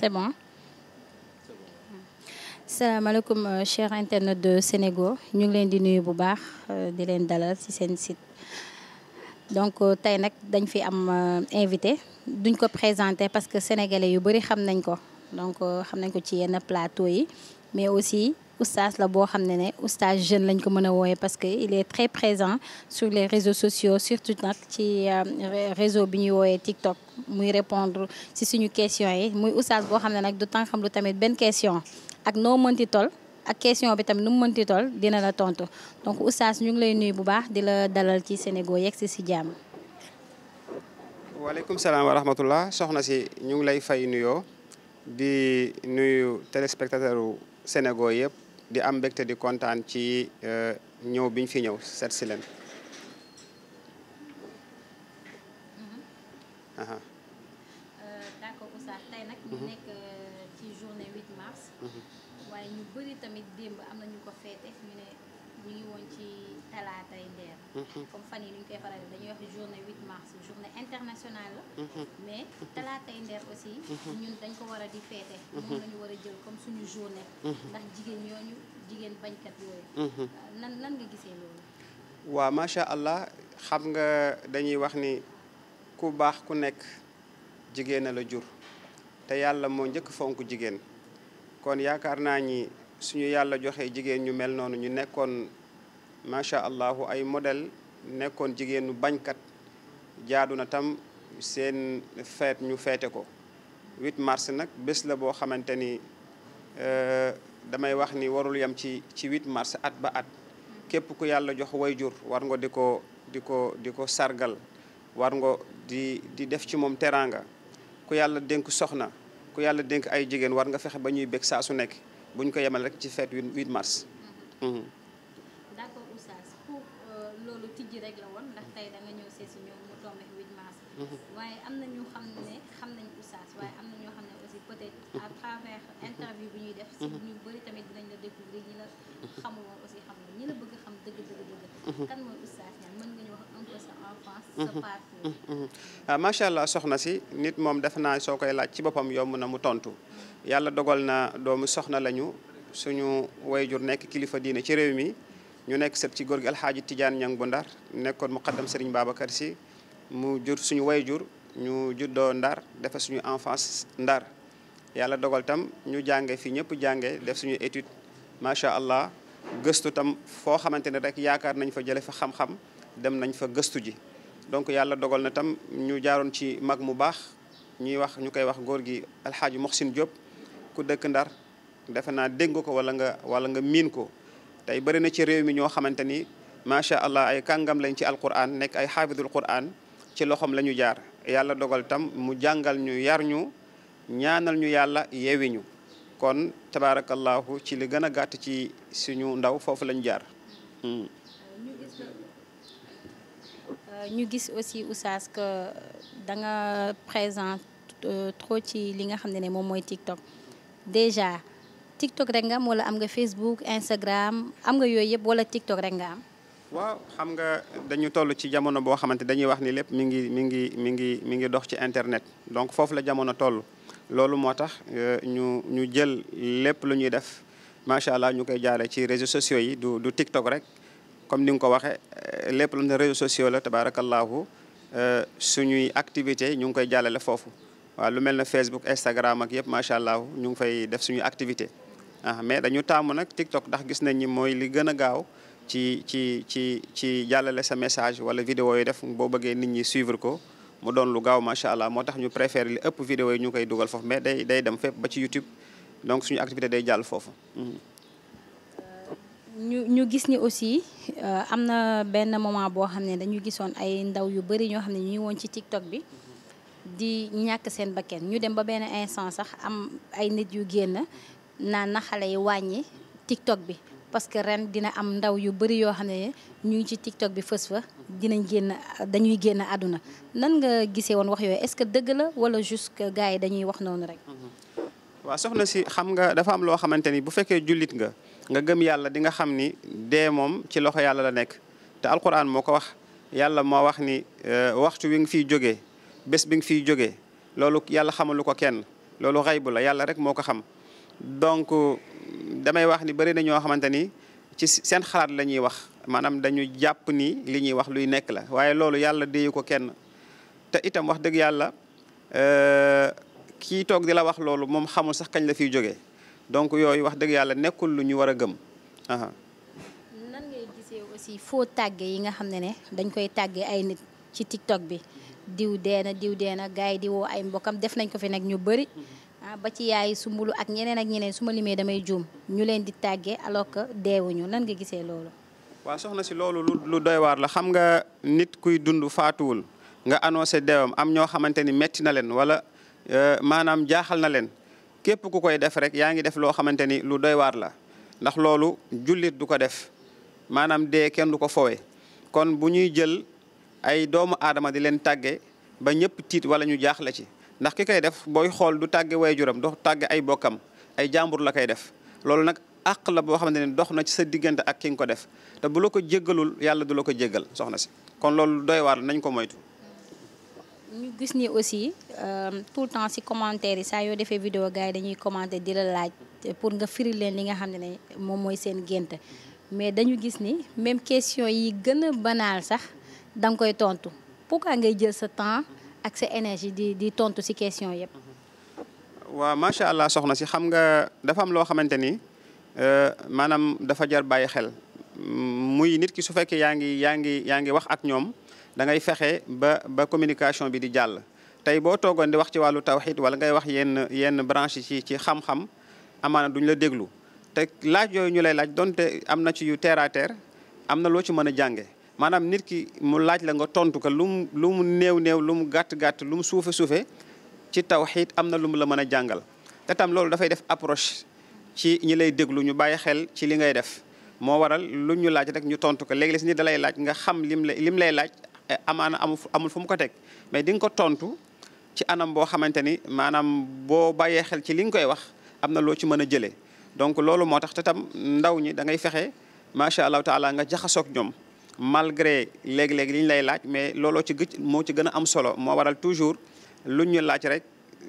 c'est bon salaamaaleykum euh, cher internet de Sénégo ñu ngi leen di nuyu bu baax euh, di leen dalal ci seen site donc euh, tey nag dañ fi am invité duñ ko présenter parce que sénégalais yu bari xam nañ ko donc xam nañ ko ci yenn plateau yi mais aussi oustaz la boo xam ne ne oustaz jeune lañ ko mën a wooyee parce que il est très présent sur les réseaux sociaux surtout nag ci euh, réseau bi ñuy wooyee TikTok muy répondre si suñu question yi muy oustaz boo xam ne nag du tànxam lu tamit benn question ak noo mënti tol ak question bi tamit nu mu mënti tol dina la tontu donc oustaz ñu ngi lay nuyu bu baax di la dalal ci sénégo yegg si si jàmm. waaleykum salaam wa rahmatullah soxna si ñu ngi lay fay nuyoo di nuyu téléspectateur yëpp. di am mbégte di kontaan ci euh, ñëw biñ fi ñëw seet si leen mm-hmm. euh, d'accord Oustaz tey nag ñu mm-hmm. nekk euh, ci journée mars mm-hmm. waaye ñu bëri tamit démb am na ñu ko féete ñu ne ñu ngi woon ci talaatay ndeer mm-hmm. comme fan yi ñu koy faral dañuy wax journée 8 mars journée internationale mm-hmm. mais mm-hmm. talaatay ndeer aussi ñun dañ ko war di feete moom la ñu jël comme suñu journée ndax jigéen ñooñu jigéen bañkat yooyu euh, nan nga gisee loolu waaw macha allah xam nga dañuy wax ni ku baax ku nekk jigéen la jur te yàlla moo njëkk fonk jigéen kon yaakaar naa ñi suñu yàlla joxe jigéen ñu mel noonu ñu nekkoon macha allah ay modèle nekkoon jigéenu bañkat jaadu na tam seen feet ñu feete ko 8 mars nag bés la boo xamante ni euh, damay wax ni warul yam ci ci 8 mars at ba at képp ku yàlla jox wayjur war nga di ko di ko di ko sargal war nga di di def ci moom teraanga ku yàlla dénk soxna ku yàlla dénk ay jigéen war nga fexe ba ñuy bég saa su nekk buñ ko yemal rek ci feet 8 mars mm-hmm. Mm-hmm. tuuti ndax tey da ñëw seet si ñoom mu tombé 8 mhm. waaye am na ñu xam ne xam nañu oustaz waaye am na ñoo xam ne aussi peut-être à mhm. mhm. ñu la bëgg xam dëgg dëgg kan mooy oustaz mën nga ñu wax un peu sa sa parcours. ah allah soxna si nit moom def naa soo koy laaj ci boppam yomb na mu tontu yàlla dogal na doomu soxna lañu suñu wayjur nekk kilifa diine ci réew mi. ñu nekk sët ci góor gi alxaaji Tidiane Niang bu Ndar nekkoon mu muqaddam Serigne Babacar Sy mu jur suñu jur ñu juddoo Ndar defa suñu enfance Ndar yàlla dogal tam ñu jànge fii ñëpp jànge def suñu étude macha allah gëstu tam foo xamante ne rek yaakaar nañ fa jële fa xam-xam dem nañ fa gëstu ji donc yàlla dogal na tam ñu jaaroon ci mag mu baax ñuy wax ñu koy wax góor gi alxaaji Moxsin Diop ku dëkk Ndar defe naa dégg ko wala nga wala nga miin ko ay bëri na ci réew mi ñoo xamante ni macha allah ay kàngam lañ ci alquran nekk ay xaafidul quran ci loxoom la ñu jaar yàlla dogal tam mu jàngal ñu yar ñu ñaanal ñu yàlla yeewi ñu kon tabaarakallahu ci li gën a gàtt ci suñu ndaw foofu lañu jaar. Hmm. Euh, ñu gis aussi Oustaz que da présent euh, trop ci li nga xam ne moom mooy TikTok déjà. TikTok rek nga am wala am nga Facebook Instagram am nga yooyu yëpp wala TikTok rek nga waaw xam nga dañu toll ci jamono boo xamante dañuy wax ni lépp mi ngi mi ngi mi ngi mi ngi dox ci internet donc foofu la jamono toll loolu moo tax euh, ñu ñu jël lépp lu ñuy def macha allah ñu koy jaaree ci réseaux yi du du TikTok rek comme ni nga ko waxee euh, lépp lu ne réseaux sociaux la tabaarakallaahu euh, suñuy activité ñu ngi koy jàllale foofu waaw lu mel ne Facebook Instagram ak yëpp macha allah ñu ngi fay def suñuy activité ah mais dañu taamu nag TikTok ndax gis nañ ni mooy li gën a gaaw ci ci ci ci jàllale sa message wala vidéo yi def boo bëggee nit ñi suivre ko mu doon lu gaaw macha allah moo tax ñu préféré li ëpp vidéo yi ñu koy dugal foofu mais day day dem fépp ba ci YouTube donc suñu activité day jàll foofu. Mm-hmm. ñu gis ni aussi euh, am na benn moment boo xam ne dañu gisoon ay ndaw yu bëri ñoo xam ne ñu woon ci TikTok bi di ñàkk seen bakken ñu dem ba benn instant sax am ay nit yu génn. naan na xale yi wàññi TikTok bi parce que ren dina am ndaw yu bëri yoo xam ne ñu ngi ci TikTok bi fës fa dinañ génn dañuy génn àdduna nan nga gisee woon wax yooyu est-ce que dëgg la wala juste que gars yi dañuy wax noonu rek. Mm-hmm. waaw soxna si xam nga dafa am loo xamante ni bu fekkee jullit nga nga gëm yàlla di nga xam ni dee moom ci loxo yàlla la nekk te alquran moo ko wax yàlla moo wax ni euh, waxtu wi nga fiy jóge bés bi nga fiy jóge loolu yàlla xamalu ko kenn loolu xaybu yàlla rek moo ko xam. donc damay wax ni bëri na ñoo xamante ni ci seen xalaat la ñuy wax maanaam dañu jàpp ni li ñuy wax luy nekk la waaye loolu yàlla déyu ko kenn te itam wax dëgg yàlla euh, ki toog di la wax loolu moom xamul sax kañ la fiy jóge donc yooyu wax dëgg yàlla nekkul lu ñu war a gëm aha nan ngay gisee aussi foo tàgge yi nga xam ne ne dañ koy tàggee ay nit ci TikTok bi diw deena diw deena gars yi di ay mbokkam def nañ ko fi nekk ñu bari Ah, ba ci yaay sumbulu ak ñeneen ak ñeneen suma ma limee damay juum ñu leen di tàggee alors que deewuñu nan nga gisee loolu. waaw soxna si loolu lu doy waar la xam nga nit kuy dund faatuwul nga annoncé deewam am ñoo xamante ni métti na leen wala euh, maanaam jaaxal na leen képp ku koy def rek yaa ngi def loo xamante ni lu doy waar la ndax loolu jullit du ko def maanaam dee kenn du ko fowe kon bu ñuy jël ay doomu aadama di leen tàggee ba ñëpp tiit wala ñu jaaxle ci. ndax ki koy def booy xool du way juram du tàgge ay bokkam ay jàmbur la koy def loolu nag àq la boo xamante ne dox na ci sa diggante ak ki nga ko def te bu la ko jéggalul yàlla du la ko jéggal soxna si kon loolu doy waar nañ ko moytu. ñu gis ni aussi euh, tout le temps si commentaire yi saa yoo defee vidéo gars yi dañuy commenter di la laaj pour nga firi leen li nga xam ne moom mooy seen gént mais dañu gis ni même question yi gën a banal sax da nga koy tontu jël sa temps. ak énergie di di tontu si question yëpp. waaw macha allah soxna si xam nga dafa am loo xamante ni euh, maanaam dafa jar bàyyi xel muy nit ki su fekkee yaa ngi yaa ngi yaa ngi wax ak ñoom da ngay fexe ba ba communication bi di jàll. tey boo toogoon di wax ci wàllu tawxiid wala ngay wax yenn yenn branche ci ci xam-xam amaana duñ la déglu te laaj yooyu ñu lay laaj donte am na ci yu terre am na loo ci mën a jànge maanaam nit ki mu laaj la nga tontu ko lu mu lu mu néew néew lu mu gàtt gàtt lu mu suufe suufe ci tawxiid am na lu mu la mën a jàngal te tam loolu dafay def approche ci ñi lay déglu ñu bàyyi xel ci li ngay def moo waral lu ñu laaj rek ñu tontu ko léegi la si ni dalay laaj nga xam lim la lim lay laaj eh, amaana amul fu mu ko teg mais di nga ko tontu ci anam boo xamante ni maanaam boo bàyyee xel ci li nga koy wax am na loo ci mën a jëlee donc loolu moo tax te tam ndaw ñi da ngay fexe macha allah taala nga jaxasoog ñoom. malgré léeg-léeg li ñu lay laaj mais looloo ci gëj moo ci gën a am solo moo waral toujours lu ñu laaj rek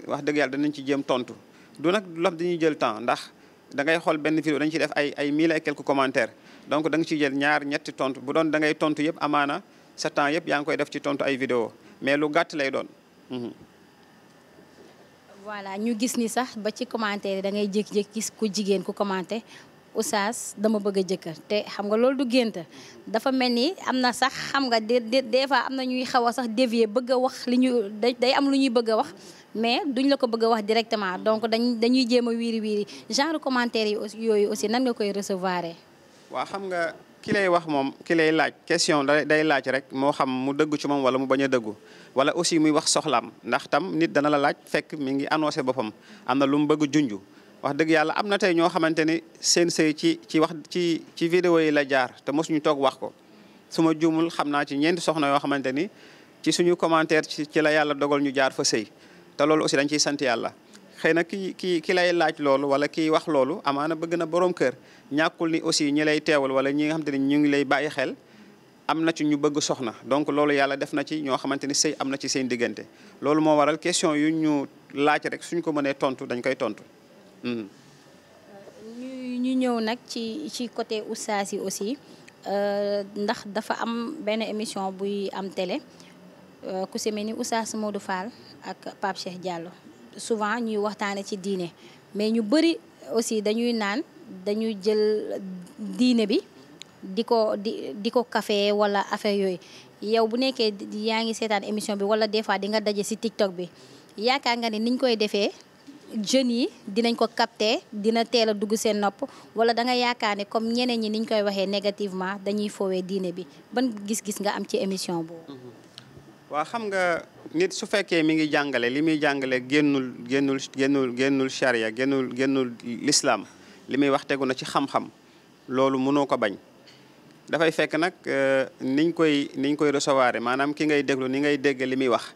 wax dëgg yàlla danañ ci jëm tontu du nag lu xam dañuy jël temps ndax da ngay xool benn vidéo dañ ci def ay ay mille et quelques commentaires donc da nga ciy jël ñaar ñetti tontu bu doon da ngay tontu yëpp amaana sa temps yëpp yaa ngi koy def ci tontu ay vidéo mais lu gàtt lay doon. Mhm. voilà ñu gis ni sax ba ci commentaire yi da ngay jékki-jékki ku jigéen ku commenté oustaz dama bëgg a jëkkër te xam nga loolu du gént dafa mel ni am na sax xam nga des des fois am na ñuy xaw a sax dévier bëgg a wax li ñu day am lu ñuy bëgg a wax mais duñ la ko bëgg a wax directement donc dañ dañuy jéem a wiiri wiiri genre commentaire yi yooyu aussi nan nga koy recevoir waa xam nga ki lay wax moom ki lay laaj question day laaj rek moo xam mu dëggu ci moom wala mu bañ a dëggu wala aussi muy wax soxlaam ndax tam nit dana la laaj fekk mi ngi annoncé boppam am na lu mu bëgg junju wax dëgg yàlla am na tey ñoo xamante ni seen sëy ci ci wax ci ci vidéo yi la jaar te mosuñu toog wax ko suma ma juumul xam naa ci ñeenti soxna yoo xamante ni ci suñu commentaire ci ci la yàlla dogal ñu jaar fa sëy te loolu aussi dañ ciy sant yàlla xëy na ki ki ki lay laaj loolu wala kiy wax loolu amaana bëgg na borom kër ñàkkul ni aussi ñi lay teewal wala ñi nga te ni ñu ngi lay bàyyi xel am na ci ñu bëgg soxna donc loolu yàlla def na ci ñoo xamante ni sëy am na ci seen diggante loolu moo waral question yu ñu laaj rek suñ ko mënee tontu dañ koy tontu Mm. ñu ñëw nag ci ci côté oustaz si aussi euh, ndax dafa am benn émission buy am télé euh, ku si mel ni oustaz Modou Fall ak Pape Cheikh souvent ñuy waxtaane ci diine mais ñu bëri aussi dañuy naan dañuy jël diine bi di ko di di ko café wala affaire yooyu yow bu nekkee yaa ngi seetaan émission bi wala des fois di daje si TikTok bi yaakaar nga ne niñ koy defee jeunes yi dinañ ko capter dina teel a dugg seen nopp wala da nga yaakaar ne comme ñeneen ñi niñ koy waxee négativement dañuy foowee diine bi ban gis-gis nga am ci émission boobu. Mm-hmm. waa xam nga nit su fekkee mi ngi jàngale li muy jàngale génnul génnul génnul génnul charia génnul génnul l'islam li muy wax tegu na ci xam-xam loolu munoo ko bañ. dafay fekk nag euh, niñ koy niñ koy recevoir maanaam ki ngay déglu ni ngay dégg li muy wax.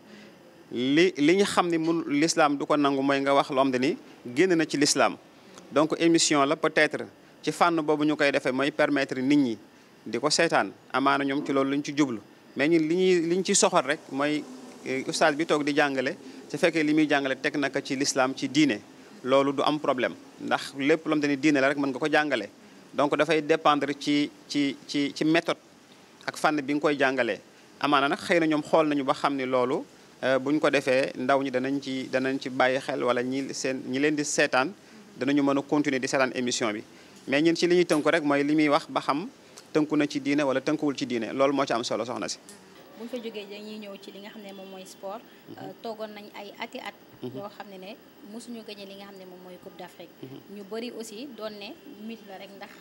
li li ñu xam ne mun l'islam du ko nangu mooy nga wax loo xam ne ni génn na ci lislaam donc émission la peut-être ci fànn boobu ñu koy defee mooy permettre nit ñi di ko seetaan amaana ñoom ci loolu ñu ci jublu mais li ñuy li ñu ci soxal rek mooy eh, ustaas bi toog di jàngale su fekkee li muy jàngale teg naka ci lislaam ci diine loolu du am problème ndax lépp lom xam ne diine la rek mën nga ko jàngale donc dafay dépendre ci ci ci ci méthode ak fànn bi nga koy jàngalee amaana nag xëy na ñoom xool nañu ba xam ni loolu Euh, buñ ko defee ndaw ñi danañ ci danañ ci bàyyi xel wala ñi seen ñi leen di seetaan danañu mën a continuer di seetaan émission bi mais ñun ci li ñuy tënku rek mooy li muy wax ba xam tënku na ci diine wala tënkuwul ci diine loolu moo ci am solo soxna si bu ñu fa jógee dañuy ñëw ci li nga xam ne moom mooy sport mhm. euh, toogoon nañ ay ati at mhm. yoo xam ne ne mosuñu gagné li nga xam ne moom mooy coupe d'Afrique mhm. ñu bëri aussi doon ne mit la rek ndax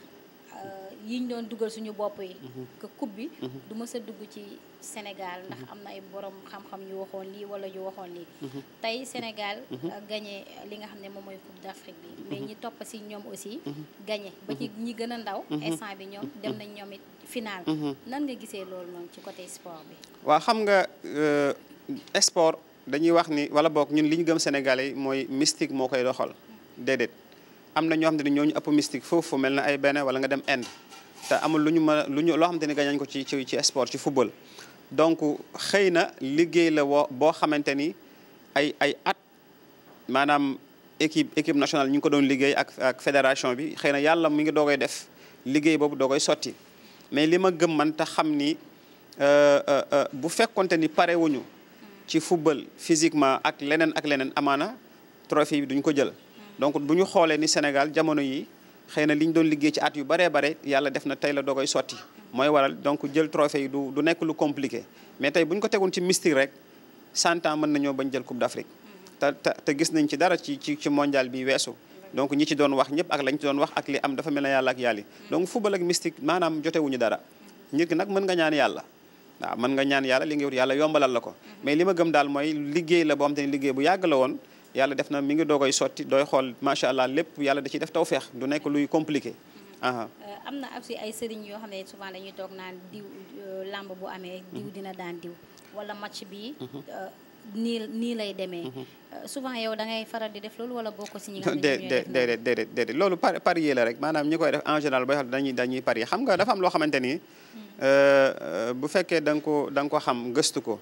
Euh, yiñ doon dugal suñu bopp yi mhm. que coupe bi mhm. du mës a dugg ci Sénégal ndax mhm. am na ay borom xam-xam yu waxoon lii wala yu waxoon lii tey Sénégal euh, gañe li nga xam ne moom mooy coupe d'Afrique bi mais ñi topp si ñoom aussi gagné ba ñi gën a ndaw instant bi ñoom dem nañ ñoom it final nan nga gisee loolu noonu ci côté sport bi waaw xam nga euh, sport dañuy wax ni wala boog ñun li ñu gëm Sénégalais yi mooy mystique moo koy doxal mm. déedéet am na ñoo xam te ne ñooñu ëpp mystique foofu mel na ay Bénin wala nga dem Inde te amul lu ñu mën a lu ñu loo xamante ni gañañ ko ci ci ci sport ci football. donc xëy na liggéey la woo boo xamante ni ay ay at maanaam équipe équipe nationale ñu ngi ko doon liggéey ak ak fédération bi xëy na yàlla mi ngi doogay def liggéey boobu doogay sotti mais li ma gëm man te xam ni euh, euh, euh, bu fekkonte ni pare ci football physiquement ak leneen ak leneen amaana trophée bi duñ ko jël. donc bu ñu xoolee ni Sénégal jamono yi xëy na li ñu doon liggéey ci at yu baree bare yàlla def na tey la doogay sotti mooy waral donc jël trophée du du nekk lu compliqué mais tey bu ñu ko tegoon ci mystique rek cent ans bañ jël coupe d'Afrique te te gis nañ ci dara ci ci ci mondial weesu donc ñi ci doon wax ñëpp ak lañ ci doon wax ak li am dafa mel ne yàlla ak yàlli donc football ak mystique maanaam jotewuñu dara nit nag mën nga ñaan yàlla waaw mën nga ñaan yàlla li yàlla yombalal la ko mais li ma gëm daal mooy liggéey la boom xam te liggéey bu yàgg la yàlla def na mi ngi doogoy sotti dooy xool macha allah lépp yàlla da ciy def feex du nekk luy compliqué. Mhm. Euh, am na aussi ay sëriñ yoo xam ne souvent dañuy toog naan diw euh, làmb bu amee. Mhm. diw dina daan diw wala match bi. Mhm. Euh, nii nii lay demee. souvent yow da ngay faral di def loolu wala bokk si ñi loolu par parier la rek maanaam ñi koy def en général booy xam dañuy dañuy parier xam nga dafa am loo xamante ni. bu fekkee da nga ko da nga xam gëstu ko.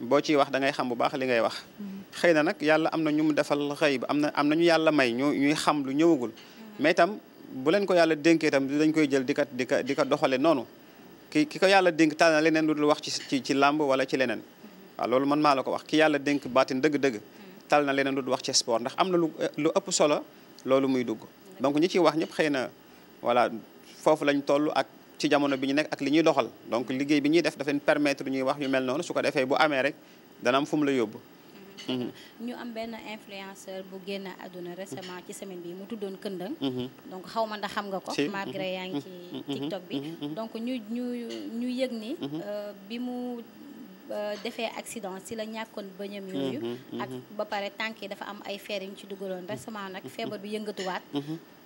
boo ci wax da ngay xam bu baax li ngay wax. xëy na nag yàlla am na ñu mu defal xëy ba am na am na ñu yàlla may ñu ñuy xam lu ñëwagul mm-hmm. mais itam bu leen ko yàlla dénkee itam dañ koy jël di ka di ka di ko doxale noonu ki ki ko yàlla dénk tal na leneen lu dul wax ci ci ci làmb wala ci leneen mm-hmm. waaw loolu maa la ko wax ki yàlla dénk baatin dëgg-dëgg mm-hmm. tal na leneen lu dul wax ci sport ndax am na lu lu ëpp solo loolu muy dugg donc ñi ciy wax ñëpp xëy na voilà foofu lañ toll ak ci jamono bi ñu nekk ak li ñuy doxal donc liggéey bi ñuy def daf leen permettre ñuy wax yu mel noonu su ko defee bu amee rek danam am la yóbbu Mhm. ñu am benn influenceur bu génn àdduna récemment ci semaine bi mu tuddoon këndëng mhm. donc xaw ma ndax xam nga ko malgré mhm. yaa ngi ci TikTok bi donc ñu ñu ñu yëg ni euh, bi mu euh, defee accident si la ñàkkoon bëñam yooyu ak ba pare tànk yi dafa am ay feer yi ñu ci dugaloon récemment nag feebar bi yëngatuwaat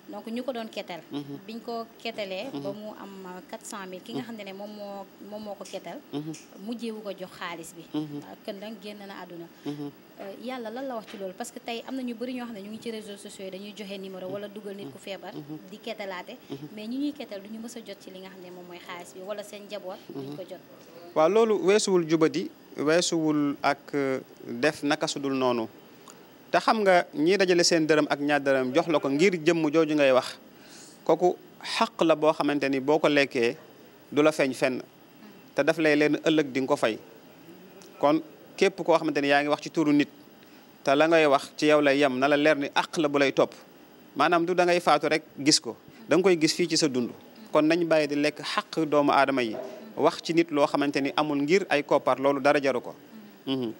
donc ñu ko doon ketal biñ ko ketalee ba mu am quatre cent mille ki nga xam ne ne moom moo moom moo ko ketal mujjeewu ko jox xaalis bi këndang génn na àdduna Euh, yàlla lan la wax ci loolu parce que tey am na ñu bëri ñoo xam ne ñu ngi ci réseaux sociaux yi dañuy joxe numéro wala dugal nit ku feebar mm-hmm. Mm-hmm. di kettalaate mm-hmm. mais ñi ñuy kettal du ñu mës a jot ci li nga xam ne moom mooy xaalis bi wala seen njaboot duñ ko jot waaw loolu weesuwul jubadi weesuwul ak euh, def naka noonu te xam nga ñii dajale seen dërëm ak ñaar dërëm jox la ko ngir jëmm jooju ngay wax kooku xaq la boo xamante ni boo ko lekkee du la feeñ fenn mm. te daf lay leen ëllëg di nga ko fay képp koo xamante ne yaa ngi wax ci turu nit te la ngay wax ci yow lay yem na la leer ni àq la bu lay topp maanaam du da ngay faatu rek gis ko da nga koy gis fii ci sa dund kon nañ bàyyi di lekk xaq doomu aadama yi wax ci nit loo xamante ni amul ngir ay koppar loolu dara jaru ko mhm.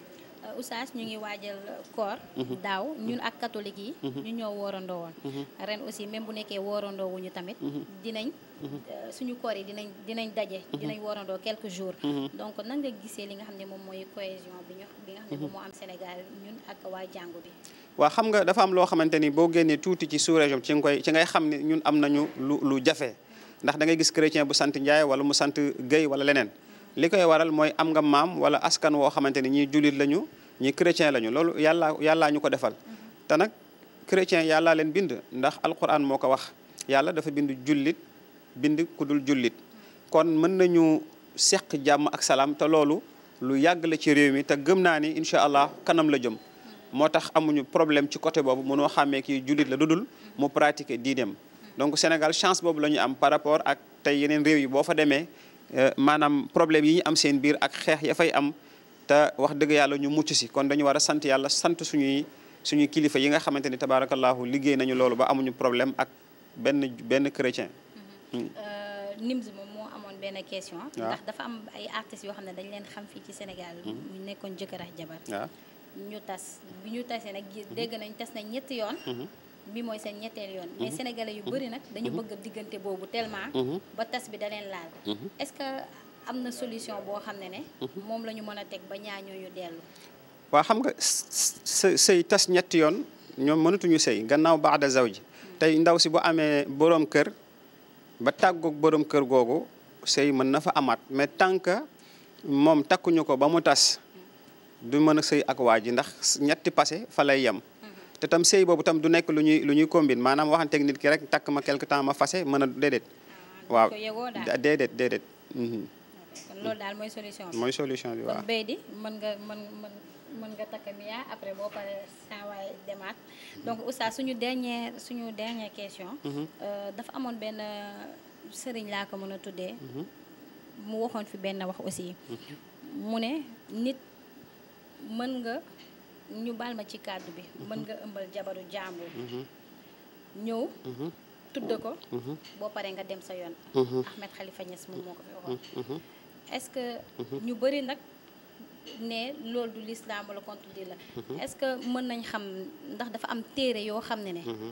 oustaz ñu ngi waajal koor mhm. daaw ñun ak catholique yi mhm. ñu ñoo woorandoo woon mhm. ren aussi même bu nekkee woorandoo wuñu tamit dinañ euh, suñu koor yi dinañ dinañ daje dinañ woorandoo quelque jours donc nan nga li nga xam ne moom mooy cohésion bi ñu bi nga xam ne moom am waa xam nga dafa am loo xamante ni boo génnee tuuti ci sous-région ci ngay xam ne ñun am nañu lu lu jafe ndax da ngay gis chrétien bu sant Ndiaye wala mu sant Guèye wala leneen li koy waral mooy am nga maam wala askan woo xamante ni ñii jullit lañu ñi chrétien lañu loolu yàllaa yàllaa ñu ko defal mm-hmm. te nag chrétien yàllaa leen bind ndax alquran moo ko wax yàlla dafa bind jullit bind kudul dul jullit mm-hmm. kon mën nañu seq jàmm ak salaam te loolu lu yàgg la ci réew mi te gëm naa ni incha allah kanam la jom mm-hmm. moo tax amuñu problème ci côté boobu mënoo xàmmee kii jullit la dudul mu pratiquer diineem donc Sénégal chance boobu la ñu am par rapport ak tey yeneen réew yi boo fa demee euh, maanaam problème yi ñu am seen biir ak xeex ya fay am te wax dëgg yàlla ñu mucc si kon dañu war a sant yàlla sant suñuy suñuy kilifa yi nga xamante ni tabaarakallaahu liggéey nañu loolu ba amuñu problème ak benn benn chrétien. Mm-hmm. Mm. Euh, Nimz moom moo amoon benn question. Ah. ndax dafa am ay artistes yoo xam ne dañ leen xam fii ci Sénégal. Mm. ñu nekkoon jëkkër ak jabar. Ah. ñu tas bi ñu tasee nag mm-hmm. dégg nañ tas nañ ñetti yoon. Mm-hmm. bi mooy seen ñetteel yoon. mais sénégalais yu bëri nag dañu bëgg diggante boobu tellement. ba tas bi da leen laal. est que am na solution boo xam ne mhm. moom la mën a teg ba waa xam nga sëy tas ñetti yoon ñoom mënatuñu sëy gannaaw baada zawji tey ndaw si bu amee borom kër ba tàggoog borom kër googu sëy mën na fa amaat mais tant que moom takkuñu ko ba mu tas du mën a sëy ak waa ji ndax ñetti passé fa lay yem. Mhm. te tam sëy boobu tam du nekk lu ñuy lu ñuy combine maanaam waxanteeg nit ki rek takk ma quelque temps ma fase mën a déedéet. Ah, waaw déedéet déedéet. Mhm. kon loolu daal mooy solution bi mooy solution bi waaw kon di mën nga mën mën mën nga takk miya après boo paree sanwaay demaat donc oustaz suñu dernière suñu dernière question mhm. euh, dafa amoon benn euh, sëriñ laa ko mën a tuddee mhm. mu waxoon fi benn wax aussi mhm. mu ne nit mën nga ñu baal ma ci kàddu bi mën nga ëmbal jabaru jàmbur ñëw tudd ko boo paree nga dem sa yoon Ahmed Khalifa Niass moom moo ko fi waxoon est-ce que mhm. ñu bëri nag ne loolu du lislaam wala contre di la mhm. est-ce que mën nañ xam ndax dafa am téere yoo xam ne ne mhm.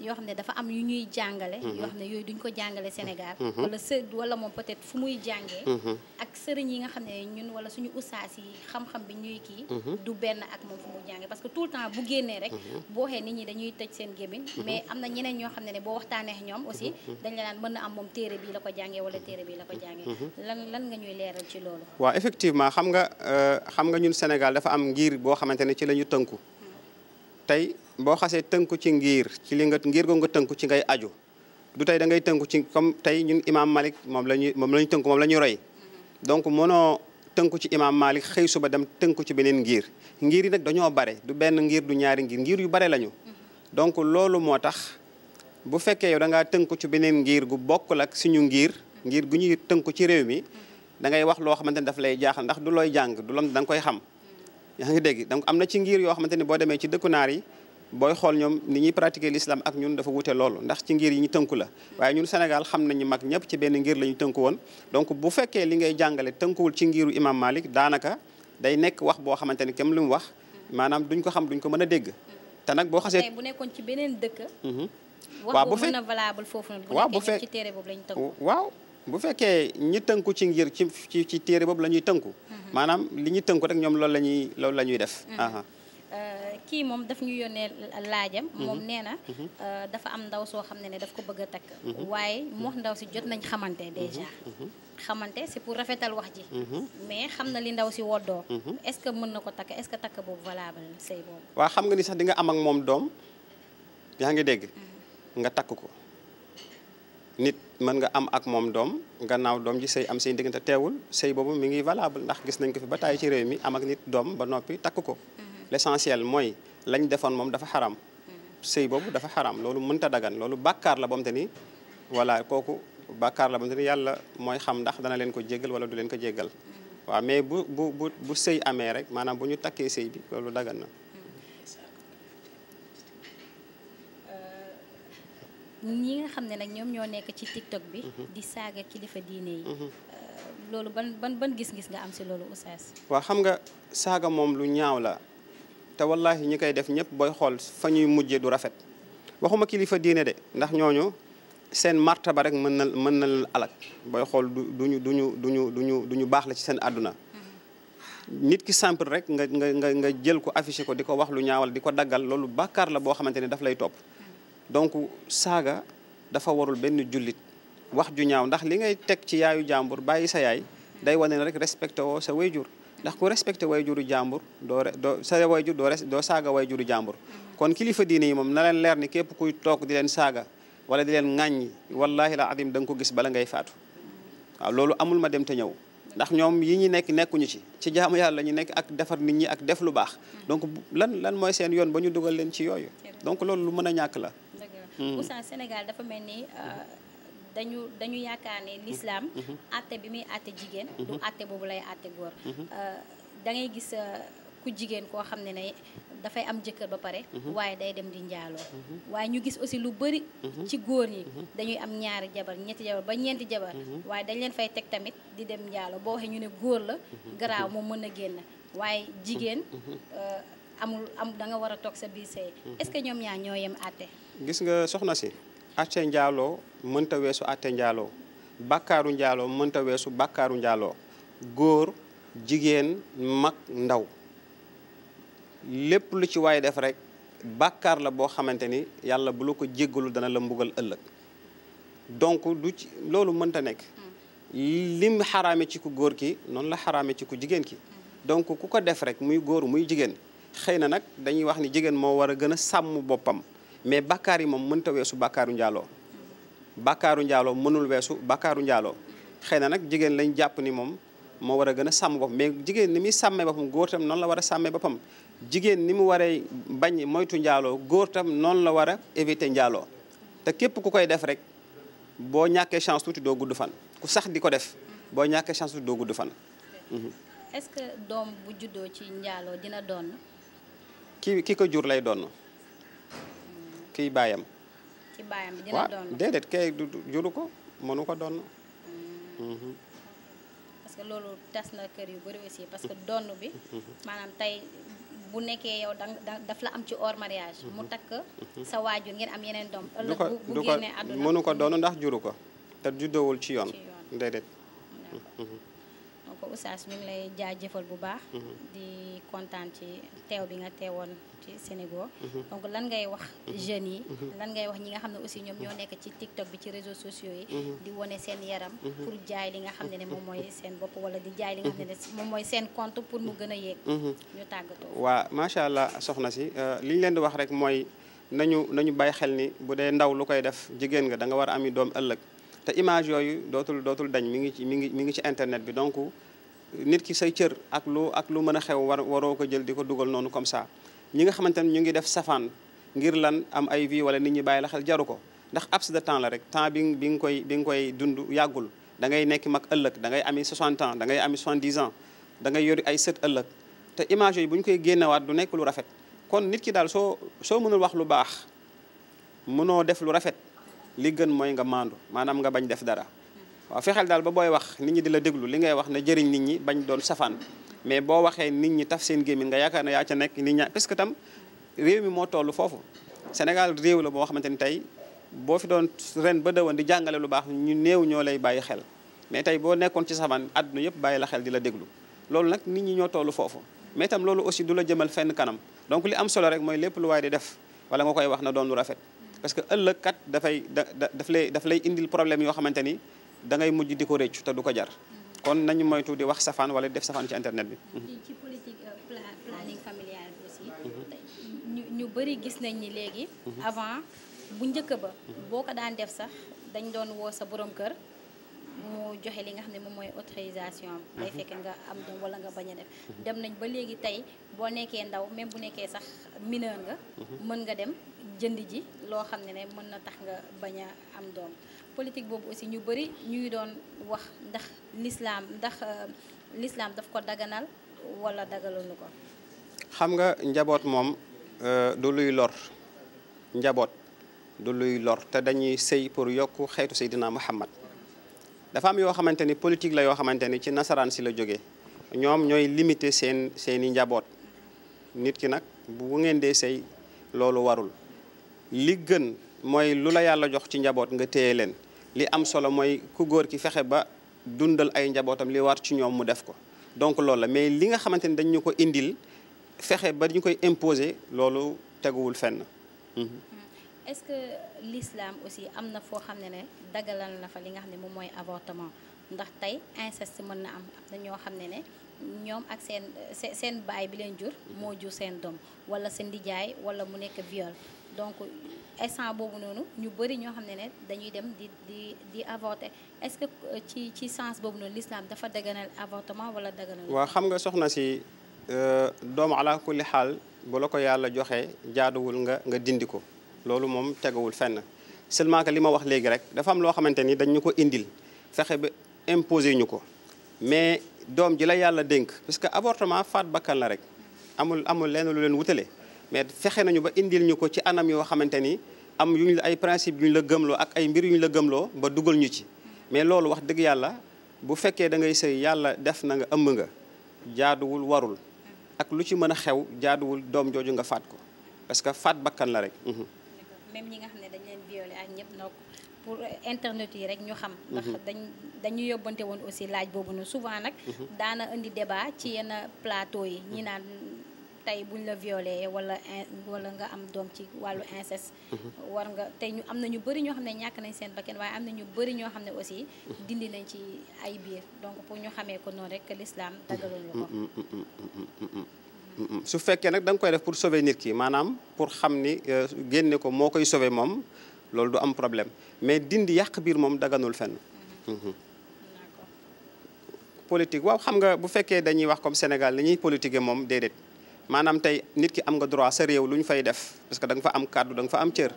yoo xam ne dafa am yu ñuy jàngale mm-hmm. yoo ne yooyu duñ ko jàngale Sénégal mm-hmm. wala së wala moom peut-être fu muy jàngee mm-hmm. ak sëriñ yi nga xam ne ñun wala suñu ustaas yi xam bi ñuy kii du benn ak moom fu muy jàngee parce que tout le temps bu génnee rek boo xee nit ñi dañuy tëj seen gémmiñ mais am na ñeneen ñoo xam ne ne boo waxtaanee ñoom aussi dañ la mën na am moom téere bi la ko jàngee wala téere bi la ko jàngee lan lan nga ñuy leeral ci loolu waa effectivement xam nga euh, xam nga ñun Sénégal dafa am ngir boo xamante ne ci la ñu tënku boo xasee tënku ci ngiir ci li ngir go nga tënku ci ngay aju du tey da ngay tënku ci comme tey ñun imaam Malik moom la ñuy moom la ñu tënku moom la ñuy roy donc mënoo tënku ci imaam Malik xëy suba dem tënku ci beneen ngiir ngiir yi nag dañoo bare du benn ngir du ñaari ngir ngir yu bare lañu donc loolu moo tax bu fekkee yow da ngaa tënku ci beneen ngir gu bokkul ak suñu ngiir ngir gu ñuy tënku ci réew mi dangay wax loo xamante ne daf lay jaaxal ndax du looy jàng du lom da nga koy xam yaa ngi dégg donc am na ci ngir yoo xamante ne boo demee ci dëkku naar yi booy xool ñoom ni ñuy pratiquer l'islam ak ñun dafa wute loolu ndax ci ngir yi ñu tënku la waaye ñun Sénégal xam nañu mag ñëpp ci benn ngir la ñu tënku woon donc bu fekkee li ngay jàngale tënkuwul ci ngiru imam Malik daanaka day nekk wax boo xamante ni kem lu mu wax maanaam duñ ko xam duñ ko mën a dégg te nag boo xasee bu nekkoon ci beneen dëkk mhm. waaw bu fekk valable foofu waaw bu fekk ci téere boobu lañu waaw bu fekkee ñi tënku ci ngir ci ci téere boobu la ñuy tënku mhm. maanaam li ñuy tënku rek ñoom loolu la ñuy loolu la ñuy def mhm. kii moom daf ñu yónnee laajam mhm. moom nee na mhm. euh, dafa am ndaw soo xam ne ne daf ko bëgg a takk mhm. waaye mu wax ndaw si jot nañ xamante déjà xamante c'est pour rafetal wax ji mais xam na li ndaw si woddoo est-ce que mën na ko takk ce que takk boobu valable sëy boobu xam nga ni sax dinga am ak moom doom yaa ngi dégg nga takk ko nit mën nga am ak moom doom gannaaw doom ji sëy am seen diggante teewul sëy boobu mu ngi valable ndax gis nañ ko fi ba tàyyi ci réew mi am ak nit doom ba noppi takk ko l'essentiel mooy lañ defoon moom dafa xaram sëy boobu dafa xaram loolu mënta dagan loolu bàkkaar la bom te ni voilà kooku bàkkaar la bom te ni yàlla mooy xam ndax dana leen ko jéggal wala du leen ko jéggal waaw mais bu bu bu sëy amee rek maanaam bu ñu takkee sëy bi loolu dagan na ñi xam ne nag ñoom ñoo nekk ci tiktok bi mhm. di saaga kilifa diine yi mhm. euh, loolu ban ban gis-gis nga am si loolu oustaz waaw xam nga saaga moom lu ñaaw la te wallahi ñi koy def ñëpp booy xool fa ñuy mujje du rafet waxuma kilifa diine de ndax ñooñu seen martaba rek mën na mën na leen alak booy xool du duñu duñu ñu duñu duñu baax la ci seen àdduna nit ki simple rek nga nga nga nga jël ko affiché ko di ko wax lu ñaawal di ko daggal loolu bàkkaar la boo xamante ne daf lay topp donc saaga dafa warul benn jullit wax ju ñaaw ndax li ngay teg ci yaayu jàmbur bàyyi sa yaay day wane rek respecté woo sa wayjur ndax ku respecté way juru jàmbur doo doo sa way jur doo doo saaga way juru jàmbur kon kilifa diine yi moom na leen leer ni képp kuy toog di leen saaga wala di leen ŋàññi wallahi la adim da nga ko gis bala ngay faatu waaw loolu amul ma dem te ñëw ndax ñoom yi ñu nekk nekkuñu ci ci jaamu yàlla ñu nekk ak defar nit ñi ak def lu baax hmm. donc lan lan mooy seen yoon ba ñu dugal leen ci yooyu donc loolu lu mën a ñàkk la dañu dañu yaakaar ne l'islam mm-hmm. Mm-hmm. atte bi muy atte jigéen du mm-hmm. atte boobu lay atte góor euh, da ngay gis euh, ku jigéen koo xam ne ne dafay am jëkkër ba pare waaye day dem di njaaloo waaye ñu gis aussi lu bëri ci góor ñi dañuy am ñaari jabar ñetti jabar ba ñeenti jabar waaye dañ leen fay teg tamit di dem njaaloo boo waxee ñu ne góor la garaaw moom mën a génn waaye jigéen euh, amul am da nga war a toog sa biir sëy est-ce que ñoom ñaar ñoo yem àtte gis nga soxna si atte njaaloo mënta weesu atte njaaloo bàkkaaru njaaloo mënta weesu bàkkaaru njaaloo góor jigéen mag ndaw lépp lu ci waay def rek bàkkaar la boo xamante ni yàlla bu la ko jéggalu dana la mbugal ëllëg donk du ci loolu mënta nekk mm. lim xaraame ci ku góor ki noonu la xaraame ci ku jigéen ki mm. donc ku ko def rek muy góor muy jigéen xëy na nag dañuy wax ni jigéen moo war a gën a sàmm boppam mais bàkkaar yi moom mënta weesu bàkkaaru njaaloo bakkaaru njaaloo mënul weesu bakkaaru njaalo xëy na nag jigéen lañ jàpp ni moom moo war a gën a sàmm boppam mais jigéen ni mu sàmmee boppam góor tam noon la war a sàmmee boppam jigéen ni mu waree bañ moytu njaaloo góor tam noonu la war a éviter njaaloo te képp ku koy def rek boo ñàkkee chance tuuti doo gudd fan ku sax di ko def boo ñàkkee chance tuuti doo gudd fan. Mhm. est-ce que doom bu juddoo ci njaaloo dina doon. ki ki ko jur lay doon. kiy baayam. ci baayam bi doon waaw déedéet kay du juru ko mënu ko doon. Mm. Mhm. parce que loolu tas na kër yu bëri aussi parce que mhm. donn bi. Mhm. maanaam tey bu nekkee yow da daf la am ci hors mariage. mu takk sa waajur ngeen am yeneen doom. mënu ko doon ndax juru ko te juddoowul ci yoon. déedéet. Oustaz ñu ngi lay jëfal bu baax. Mm-hmm. di kontaan ci teew bi nga teewoon ci Sénégal. Mm-hmm. donc lan ngay wax mm-hmm. jeunes yi. lan ngay wax ñi nga xam ne aussi ñoom ñoo nekk ci TikTok bi ci réseaux sociaux yi. di wane seen yaram. pour jaay li nga xam ne ne moom mooy seen bopp wala di jaay li nga xam ne ne moom mooy seen compte pour mu gën a yéeg. ñu tàggatoo waaw macha allah soxna si euh, li leen di wax rek mooy nañu nañu bay xel ni bu dee ndaw lu koy def jigéen nga da nga war a ami doom ëllëg. image yooyu dootul dootul dañ mi ngi ci mi ngi mi ngi ci internet bi donc nit ki say cër ak lu ak lu mën a xew war waroo ko jël di ko dugal noonu comme ça ñi nga xamante ne ñu ngi def safaan ngir lan am ay wala nit ñi bàyyi la xel jaru ko ndax abs de temps la rek temps bi bi nga koy bi nga koy dund yàggul da ngay nekk mag ëllëg da ngay ami 60 ans dangay ngay ami 70 ans da ngay yori ay sët ëllëg te image yi bu ñu koy génnewaat lu nekk lu rafet kon nit ki daal soo soo mënul wax lu baax mënoo def lu rafet li gën mooy nga maandu maanaam nga bañ def dara waaw fexeel daal ba booy wax nit ñi di la déglu li ngay wax na jëriñ nit ñi bañ doon safaan mais boo waxee nit ñi taf seen gémmiñ nga yaakaar ne yaa ca nekk nit ñaa parce que tam réew mi moo toll foofu Sénégal réew la boo xamante ni tey boo fi doon ren ba dëwoon di jàngale lu baax ñu néew ñoo lay bàyyi xel mais tey boo nekkoon ci safaan àdduna yëpp bàyyi la xel di la déglu loolu nag nit ñi ñoo tollu foofu mais tam loolu aussi du la jëmal fenn kanam donc li am rek mooy lépp lu waay di def wala nga koy wax na doon lu rafet parce que ëllëg dafay da daf lay daf lay indil problème yoo xamante ni dangay mujj di ko réccu te du ko jar kon nañu moytu di wax safaan wala def safaan ci internet bi. ci politique euh, planning ñu ñu bëri gis nañ ni léegi. avant bu njëkk ba. boo ko daan def sax dañ doon woo sa boroom kër. mu joxe li nga xam ne moom mooy autorisation am day nga am doom wala nga bañ a def dem nañ ba léegi tey boo nekkee ndaw même bu nekkee sax mineur nga mhm. mën nga dem jënd ji loo xam ne ne mën na tax nga bañ a am doom politique boobu aussi ñu bëri ñuy doon wax ndax l'islam ndax euh, l'islam daf ko daganal wala dagalalu ko. xam nga njaboot moom euh, du luy lor njaboot du luy lor te dañuy sëy pour yokk xeetu Seydina Muhammad dafa am yoo xamante ni politique la yoo xamante ni ci nasaraan si la jóge ñoom ñooy limiter seen seen njaboot nit ki nag bu ngeen dee sëy loolu warul li gën. mooy lu la yàlla jox ci njaboot nga téye leen li am solo mooy ku góor ki fexe ba dundal ay njabootam li war ci ñoom mu def ko donc loolu la mais li nga xamante ni dañu ko indil fexe ba ñu koy imposer loolu teguwul fenn. Mhm. est-ce que l'islam aussi am na foo xam ne ne dagalal na fa li nga xam ne moom mooy avortement ndax tey inceste mën na am dañoo xam ne ne ñoom ak seen seen baay bi leen jur moo jur seen doom wala seen ndijaay wala mu nekk viol donc instant boobu noonu ñu bëri ñoo xam ne ne dañuy dem di di di avorter est-ce que euh, ci ci sens boobu noonu l'islam dafa daganal avortement wala daganal. waa xam nga soxna si euh, doomu ala xaal bu la ko yàlla joxe jaaduwul nga nga dindi ko loolu moom tegawul fenn seulement que li ma wax léegi rek dafa am loo xamante ni dañ ñu ko indil fexe ba imposer ñu ko mais doom ji la yàlla dénk parce que avortement faat bakkal la rek amul amul lenn lu leen wutale. mais fexe nañu ba indil ñu ko ci anam yoo xamante ni am yuñ la ay principe yuñ la gëmloo ak ay mbir yuñ la gëmloo ba dugal ñu ci mais loolu wax dëgg yàlla bu fekkee da ngay sëy yàlla def na nga ëmb nga jaaduwul warul ak lu ci mën a xew jaaduwul doom jooju nga faat ko parce que faat bakkan la rek mhm. même ñi nga xam ne dañ leen violé ak ñëpp noo pour internet yi rek ñu xam mhm. ndax dañ dañu yóbbante woon aussi laaj boobu noonu souvent nag mhm. daana indi débat ci yenn tey buñ la violé wala wala nga am doom ci wàllu inceste mhm. war nga tey ñu am na ñu bëri ñoo xam ne ñàkk nañ seen bakkan waaye am na ñu bëri ñoo xam ne aussi mhm. dindi nañ ci ay biir donc pour ñu xamee ko noonu rek que l'islam mhm. daggaluñu ko su fekkee nag danga koy def pour sauver nit ki maanaam pour xam ni euh, génne ko moo koy sauver moom loolu du am problème mais dindi yàq biir moom daganul fenn. politique waaw xam nga bu fekkee dañuy wax comme Sénégal li ñuy politiquer moom déedéet. maanaam tey nit ki am nga droit sa réew lu ñu fay def parce que da nga fa am kàddu da fa am cër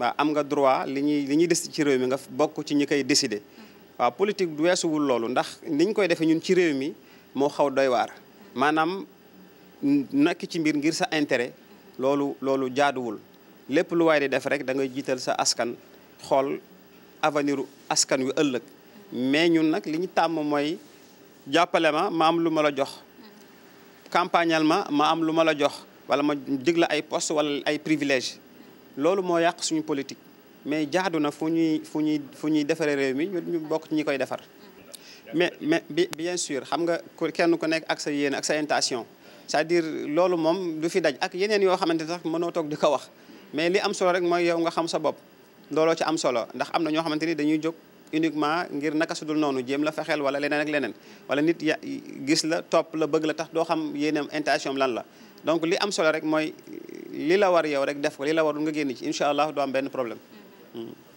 waaw am nga droit li ñuy li ñuy des ci réew mi nga bokk ci ñi koy décider waaw politique du weesuwul loolu ndax ni koy defee ñun ci réew mi moo xaw doy waar maanaam nekk ci mbir ngir sa intérêt loolu loolu jaaduwul lépp lu waay di def rek dangay jiital sa askan xool avenir askan wi ëllëg mais ñun nag li ñu tàmm mooy jàppale ma ma lu ma la jox campagnal ma ma am lu ma la jox wala ma dig la ay poste wala ay privilège loolu moo yàq suñu politique mais jaadu na fu ñuy fu ñuy fu ñuy defaree réew mi ñu bokk ci ñi koy defar mais mais bi bien sûr xam nga kenn ku nekk ak sa yéen ak sa intention c'est-à-dire loolu moom du fi daj ak yeneen yoo xamante sax mënoo toog di ko wax mais li am solo rek mooy yow nga xam sa bopp looloo ci am solo ndax am na ñoo xamante dañuy jóg uniquement ngir naka sudul noonu jéem la fexeel wala leneen ak leneen wala nit ya gis la topp la bëgg la tax doo xam yéeneem intention lan la donc li am solo rek mooy li la war yow rek def ko li la warul nga génn ci incha allah doo am benn problème mm. Mm.